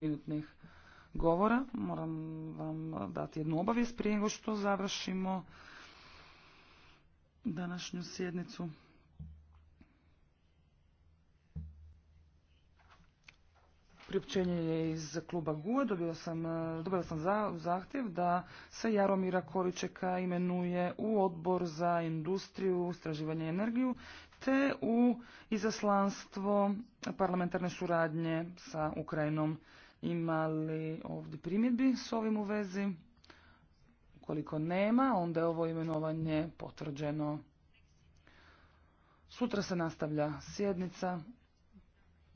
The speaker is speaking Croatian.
minutnih govora. Moram vam dati jednu obavijest prije nego što završimo današnju sjednicu. priopćenje je iz kluba GUE. Dobila sam, e, zahtjev da se Jaromira Koričeka imenuje u odbor za industriju, istraživanje i energiju te u izaslanstvo parlamentarne suradnje sa Ukrajinom. Ima li ovdje primjedbi s ovim u vezi? Ukoliko nema, onda je ovo imenovanje potvrđeno. Sutra se nastavlja sjednica.